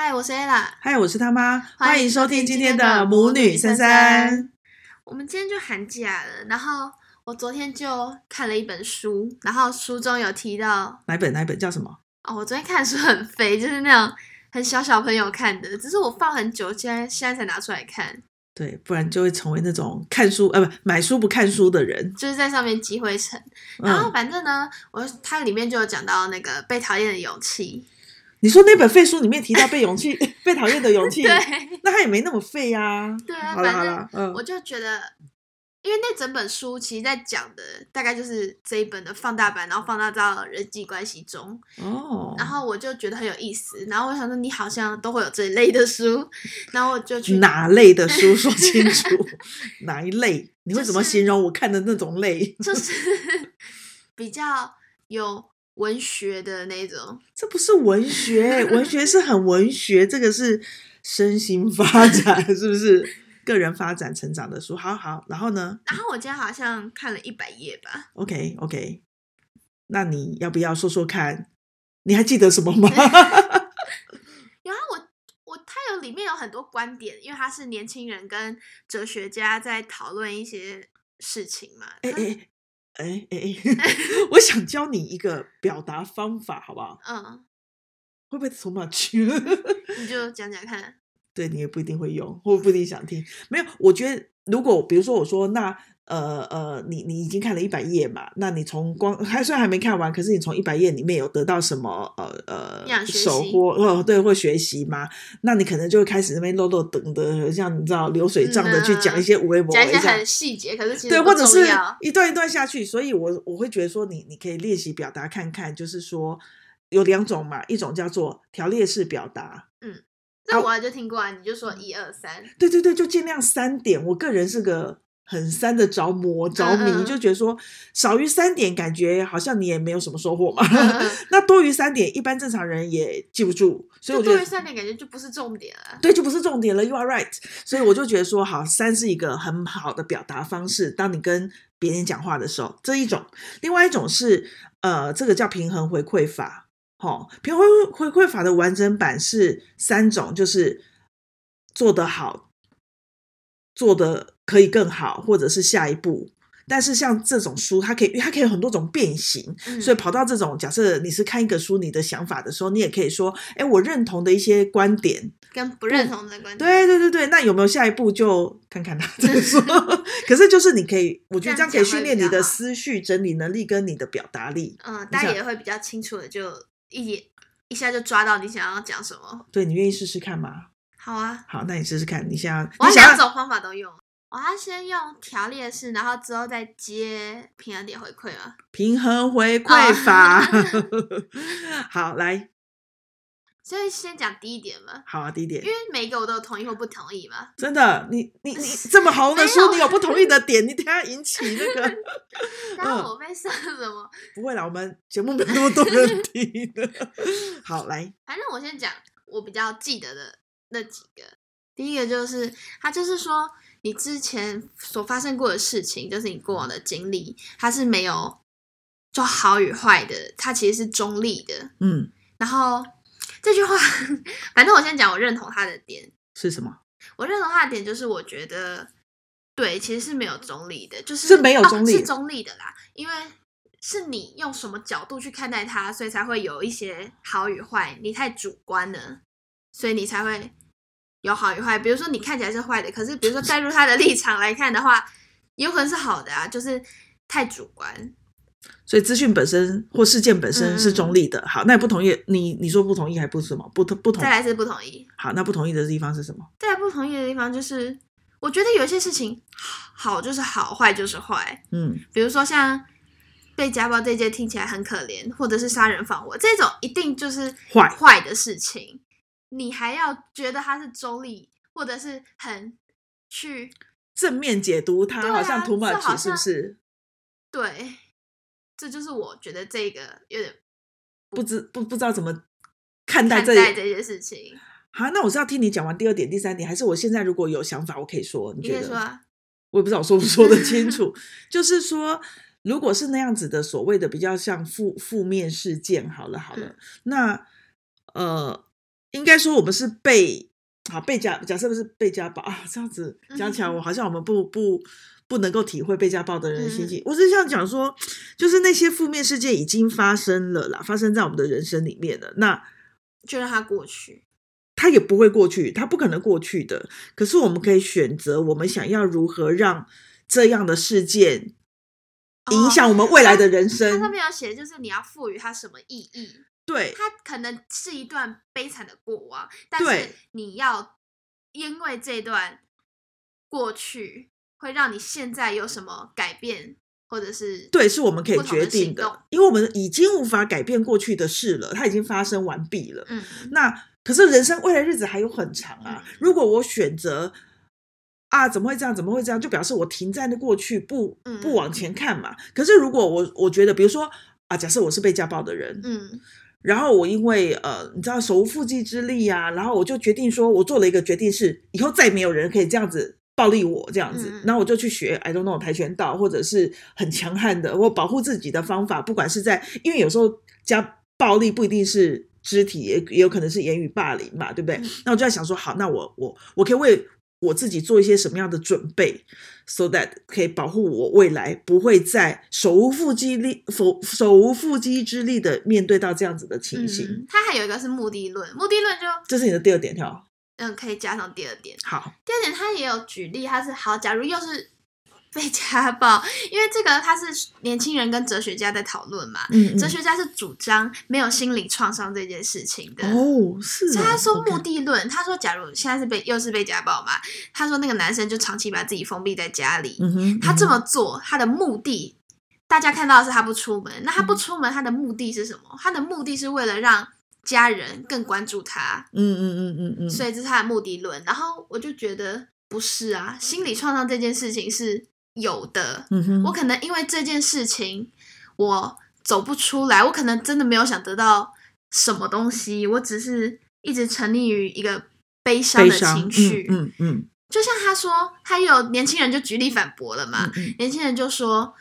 嗨，我是 Ella。嗨，我是他媽。歡迎收聽今天的母女三三。我們今天就寒假了，然後我昨天就看了一本書，然後書中有提到哪本哪本叫什麼？哦，我昨天看的書很肥，就是那種很小小朋友看的，只是我放很久，現在現在才拿出來看。對，不然就會成為那種看書啊不、呃、買書不看書的人，就是在上面積灰塵。然後反正呢，嗯、我它裡面就有講到那個被討厭的勇氣。你說那本廢書裡面提到被勇氣 被討厭的勇氣，那他也沒那麼廢呀。對啊，好了好了，嗯，我就覺得，因為那整本書其實在講的大概就是這一本的放大版，然後放大到人際關係中。哦，然後我就覺得很有意思。然後我想說，你好像都會有這一類的書。然後我就去。哪類的書說清楚， 哪一類？你會怎麼形容我看的那種類？就是、就是、比較有。文學的那種，這不是文學， 文學是很文學，這個是身心發展， 是不是個人發展成長的書？好好，然後呢？然後我今天好像看了一百頁吧。OK，OK，okay, okay. 那你要不要說說看？你還記得什麼嗎？有 啊， 我我他有裡面有很多觀點，因為他是年輕人跟哲學家在討論一些事情嘛。哎哎哎！欸欸欸、 我想教你一個表達方法，好不好？嗯，會不會從哪去？ 你就講講看。對，你也不一定會用，或不，不一定想聽、嗯。沒有，我覺得如果比如說我說那。呃呃，你你已經看了一百頁嘛？那你從光還雖然還沒看完，可是你從一百頁裡面有得到什麼？呃呃，收穫呃對，會學習嗎？那你可能就會開始那邊落落等的，像你知道流水賬的、嗯啊、去講一些五微博，講一些很細節，可是其實對，或者是一段一段下去。所以我我會覺得說你，你你可以練習表達看看，就是說有兩種嘛，一種叫做條列式表達。嗯，那我就聽過啊，啊，你就說一二三，對對對，就盡量三點。我個人是個。很三的着魔着迷，uh -huh. 就覺得說少於三點，感覺好像你也沒有什麼收穫嘛。Uh -huh. 那多於三點，一般正常人也記不住，所以我覺得就多於三點感覺就不是重點了。對，就不是重點了。You are right。所以我就覺得說，好，三是一個很好的表達方式。當你跟別人講話的時候，這一種。另外一種是呃，這個叫平衡回饋法。好，平衡回饋法的完整版是三種，就是做得好。做的可以更好，或者是下一步。但是像這種書，它可以它可以有很多種變形，嗯、所以跑到這種假設你是看一個書，你的想法的時候，你也可以說：哎、欸，我認同的一些觀點，跟不認同的觀點。對對對對，那有沒有下一步就看看他。再 說，可是就是你可以，我覺得這樣可以訓練你的思緒整理能力跟你的表達力。嗯，大家也會比較清楚的，就一眼一下就抓到你想要講什麼。對，你願意試試看嗎？好啊，好，那你試試看你，你想要，我兩種方法都用，要我要先用條列式，然後之後再接平衡點回饋嘛，平衡回饋法。Oh. 好，來，所以先講第一點嘛，好啊，第一點，因為每一個我都同意或不同意嘛，真的，你你你這麼紅的書， 你有不同意的點，你等下引起那個，那我被刪了麼？不會啦，我們節目沒那麼多人聽的。 好，來，反正我先講，我比較記得的。那幾個，第一個就是他，就是說你之前所發生過的事情，就是你過往的經歷，它是沒有做好與壞的，它其實是中立的。嗯，然後這句話，反正我先講，我認同他的點是什麼？我認同他的點就是我覺得，對，其實是沒有中立的，就是是沒有中立，哦，是中立的啦，因為是你用什麼角度去看待它，所以才會有一些好與壞，你太主觀了。所以你才會有好與壞，比如說你看起來是壞的，可是比如說帶入他的立場來看的話，有可能是好的啊，就是太主觀。所以資訊本身或事件本身是中立的。嗯、好，那不同意你，你說不同意還不是什麼？不同。不同，再來是不同意。好，那不同意的地方是什麼？再來不同意的地方就是，我覺得有些事情好就是好，壞就是壞。嗯，比如說像被家暴這件聽起來很可憐，或者是殺人放火這種，一定就是壞壞的事情。你還要覺得他是中立，或者是很去正面解讀他，啊、好像 too much 是不是？對，這就是我覺得這個有點不，不知不不知道怎麼看待這，看待這件事情。好，那我是要聽你講完第二點、第三點，還是我現在如果有想法，我可以說？你覺得？說啊、我也不知道我說不說得清楚。 就是說，如果是那樣子的所謂的比較像負負面事件，好了好了，嗯、那呃。應該說，我們是被啊被家假設不是被家暴啊，這樣子講起來我，我好像我們不不不能夠體會被家暴的人的心情。嗯，我是想講說，就是那些負面事件已經發生了啦，發生在我們的人生裡面的，那就讓它過去。它也不會過去，它不可能過去的。可是我們可以選擇，我們想要如何讓這樣的事件影響我們未來的人生。它上面要寫，有寫的就是你要賦予它什麼意義。對，它可能是一段悲慘的過往，但是你要因為這段過去會讓你現在有什麼改變，或者是不一樣的。對，是我們可以決定的，因為我們已經無法改變過去的事了，它已經發生完畢了。嗯，那可是人生未來日子還有很長啊。嗯，如果我選擇啊，怎麼會這樣？怎麼會這樣？就表示我停在那過去，不不往前看嘛。嗯，可是如果我我覺得，比如說啊，假設我是被家暴的人，嗯。然後我因為呃，你知道手無縛雞之力呀、啊，然後我就決定說，我做了一個決定是，以後再也沒有人可以這樣子暴力我這樣子，然後我就去學 I don't know 跆拳道，或者是很強悍的我保護自己的方法，不管是在，因為有時候加暴力不一定是肢體，也也有可能是言語霸凌嘛，對不對？嗯、那我就在想說，好，那我我我可以為。我自己做一些什麼樣的準備，so that 可以保護我未來不會在手無縛雞力、手手無縛雞之力的面對到這樣子的情形。它、嗯、還有一個是目的論，目的論就這是你的第二點，聽好。嗯，可以加上第二點。好，第二點他也有舉例，他是好，假如又是。被家暴，因為這個他是年輕人跟哲學家在討論嘛，嗯嗯，哲學家是主張沒有心理創傷這件事情的哦，是、啊。他說目的論，Okay. 他說假如現在是被又是被家暴嘛，他說那個男生就長期把自己封閉在家裡，嗯、他這麼做、嗯、他的目的，大家看到的是他不出門，那他不出門、嗯、他的目的是什麼？他的目的是為了讓家人更關注他，嗯嗯嗯嗯嗯，所以這是他的目的論。然後我就覺得不是啊，心理創傷這件事情是。有的、嗯，我可能因為這件事情，我走不出來。我可能真的沒有想得到什麼東西，我只是一直沉溺於一個悲傷的情緒。嗯嗯嗯、就像他說，他有年輕人就舉例反駁了嘛、嗯嗯。年輕人就說，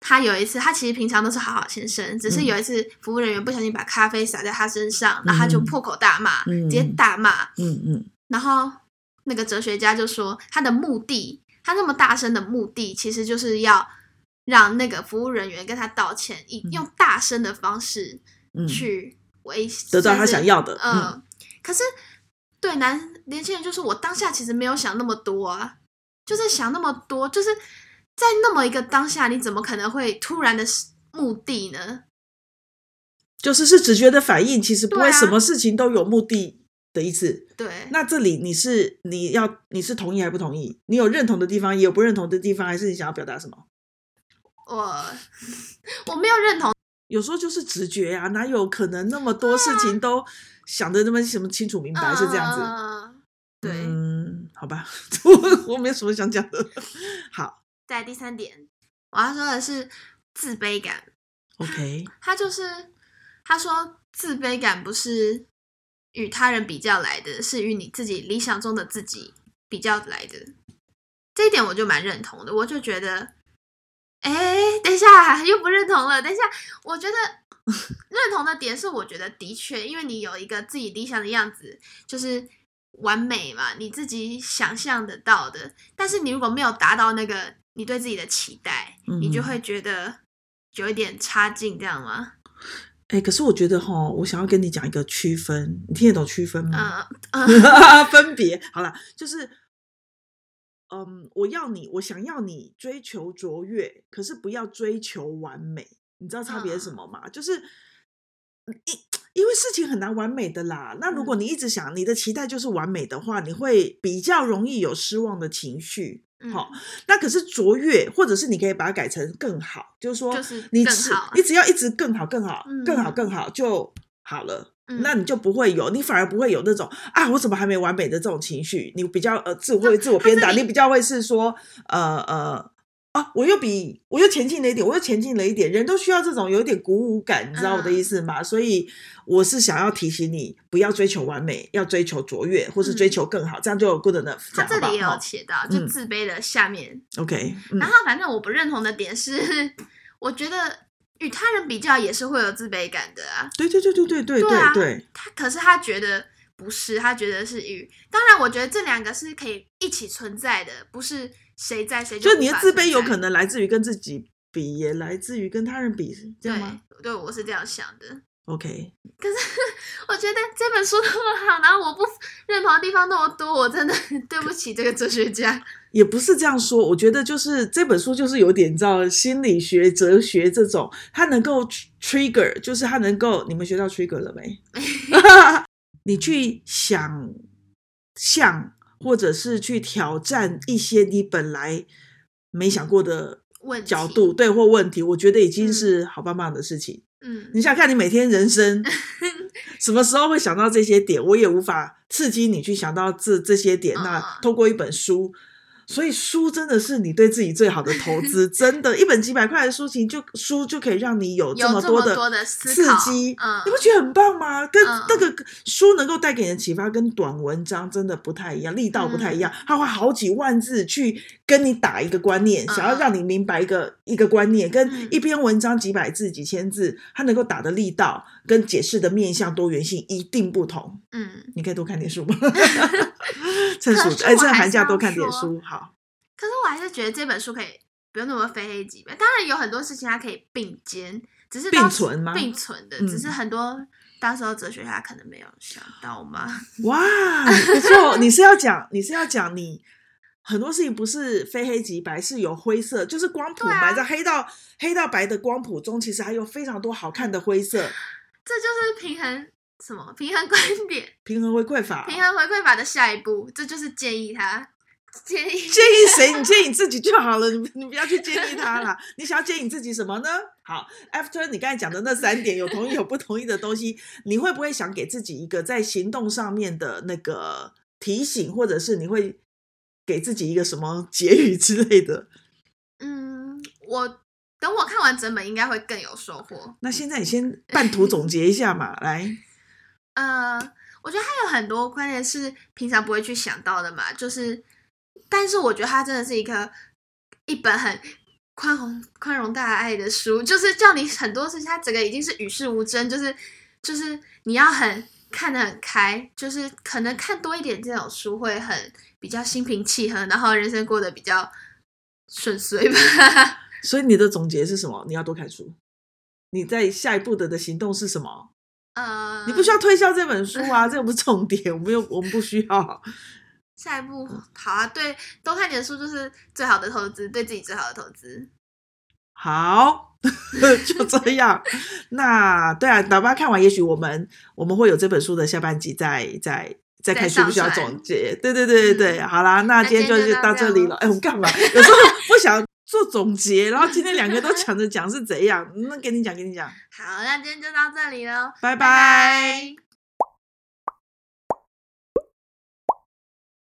他有一次，他其實平常都是好好先生，只是有一次服務人員不小心把咖啡灑在他身上、嗯，然後他就破口大罵，嗯、直接大罵。嗯嗯嗯、然後那個哲學家就說，他的目的。他那麼大聲的目的，其實就是要讓那個服務人員跟他道歉，以用大聲的方式去為、嗯、得到他想要的。呃、嗯，可是對男年輕人就是，我當下其實沒有想那麼多、啊，就是想那麼多，就是在那麼一個當下，你怎麼可能會突然的目的呢？就是是直覺的反應，其實不會什麼事情都有目的。一次，對，那這裡你是你要你是同意還不同意？你有認同的地方，也有不認同的地方，還是你想要表達什麼？我我沒有認同，有時候就是直覺呀、啊，哪有可能那麼多事情都想得那麼、啊、什麼清楚明白、啊、是這樣子？啊、對、嗯，好吧，我我沒有什麼想講的。好，在第三點我要說的是自卑感。OK，他，他就是他說自卑感不是與他人比較來的，是與你自己理想中的自己比較來的，這一點我就蠻認同的。我就覺得，哎，等一下又不認同了。等一下，我覺得 認同的點是，我覺得的確，因為你有一個自己理想的樣子，就是完美嘛，你自己想象得到的。但是你如果沒有達到那個你對自己的期待，嗯、你就會覺得有一點差勁，這樣嗎？誒、欸、可是我覺得哈，我想要跟你講一個區分，你聽得懂區分嗎？啊、uh, uh. 分別好啦，就是，嗯、um,，我要你，我想要你追求卓越，可是不要追求完美。你知道差別是什麼嗎？Uh. 就是，因為因為事情很難完美的啦。那如果你一直想、uh. 你的期待就是完美的話，你會比較容易有失望的情緒。好、嗯哦，那可是卓越，或者是你可以把它改成更好，就是說，你只、就是啊、你只要一直更好、更好、嗯、更好、更好、更好就好了、嗯。那你就不會有，你反而不會有那種啊，我怎麼還沒完美的這種情緒。你比較呃，自我會自我鞭打，你比較會是說呃呃。呃啊、我又比我又前進了一點，我又前進了一點，人都需要這種有一點鼓舞感、嗯，你知道我的意思嗎？所以我是想要提醒你，不要追求完美，要追求卓越，或是追求更好，嗯、這樣就有 good enough。他這裡也有寫到、哦，就自卑的下面。嗯、OK、嗯、然後反正我不認同的點是，我覺得與他人比較也是會有自卑感的啊。對對對對對對對，對、啊對，對，對，他可是他覺得不是，他覺得是與當然，我覺得這兩個是可以一起存在的，不是。誰在誰就，就你的自卑有可能來自於跟自己比，也來自於跟他人比，這樣嗎？對，對，我是這樣想的。OK，可是我覺得這本書那麼好，然後我不認同的地方那麼多，我真的對不起這個哲學家。也不是這樣說，我覺得就是這本書就是有點，叫心理學、哲學這種，它能夠 trigger，就是它能夠，你們學到 trigger 了沒？ 你去想象。或者是去挑戰一些你本來沒想過的角度，嗯問、對或問題，我覺得已經是好棒棒的事情。嗯，你想看你每天人生，嗯、 什麼時候會想到這些點，我也無法刺激你去想到這這些點。那透過一本書。所以書真的是你對自己最好的投資， 真的，一本幾百塊的書情就書就可以讓你有這麼多的刺激，嗯、你不覺得很棒嗎？跟那個書能夠帶給人啟發跟短文章真的不太一樣，力道不太一樣，他、嗯、花好幾萬字去跟你打一個觀念，嗯、想要讓你明白一個一個觀念，跟一篇文章幾百字幾千字，他能夠打的力道跟解釋的面向多元性一定不同。嗯，你可以多看點書嗎？ 趁暑假哎，趁、欸、寒假多看點書好。可是我還是覺得這本書可以不用那麼非黑即白。當然有很多事情它可以並肩，只是並存嗎？並存的，嗯、只是很多。當時候哲學家可能沒有想到嘛。哇，不 錯！你是要講，你是要講，你 很多事情不是非黑即白，是有灰色，就是光譜、啊，埋在黑到黑到白的光譜中，其實還有非常多好看的灰色。這就是平衡。什麼平衡觀點？平衡回饋法，平衡回饋法的下一步，這就是建議他建議建議誰？你建議自己就好了，你你不要去建議他啦 你想要建議自己什麼呢？好，After 你剛才講的那三點， 有同意有不同意的東西，你會不會想給自己一個在行動上面的那個提醒，或者是你會給自己一個什麼結語之類的？嗯，我等我看完整本應該會更有收穫。那現在你先半途總結一下嘛， 來。嗯，我覺得他有很多觀點是平常不會去想到的嘛，就是，但是我覺得他真的是一個一本很寬宏、寬容大愛的書，就是叫你很多事情，他整個已經是與世無爭，就是就是你要很看得很開，就是可能看多一點這種書會很比較心平氣和，然後人生過得比較順遂吧。所以你的總結是什麼？你要多看書，你在下一步的的行動是什麼？你不需要推銷這本書啊，嗯，這不是重點，我們又我們不需要。下一步好啊，對，多看點書就是最好的投資，對自己最好的投資。好，就這樣。 那對啊，老爸看完，也許我們我們會有這本書的下半集再再再再看需不需要總結。對對對對、嗯、對，好啦，那今天就到這裡了。哎，我幹嘛？有時候不想。 做總結，然後今天兩個都搶着講是怎樣？那給你講，給你講。好，那今天就到這裡嘍，拜拜。Bye bye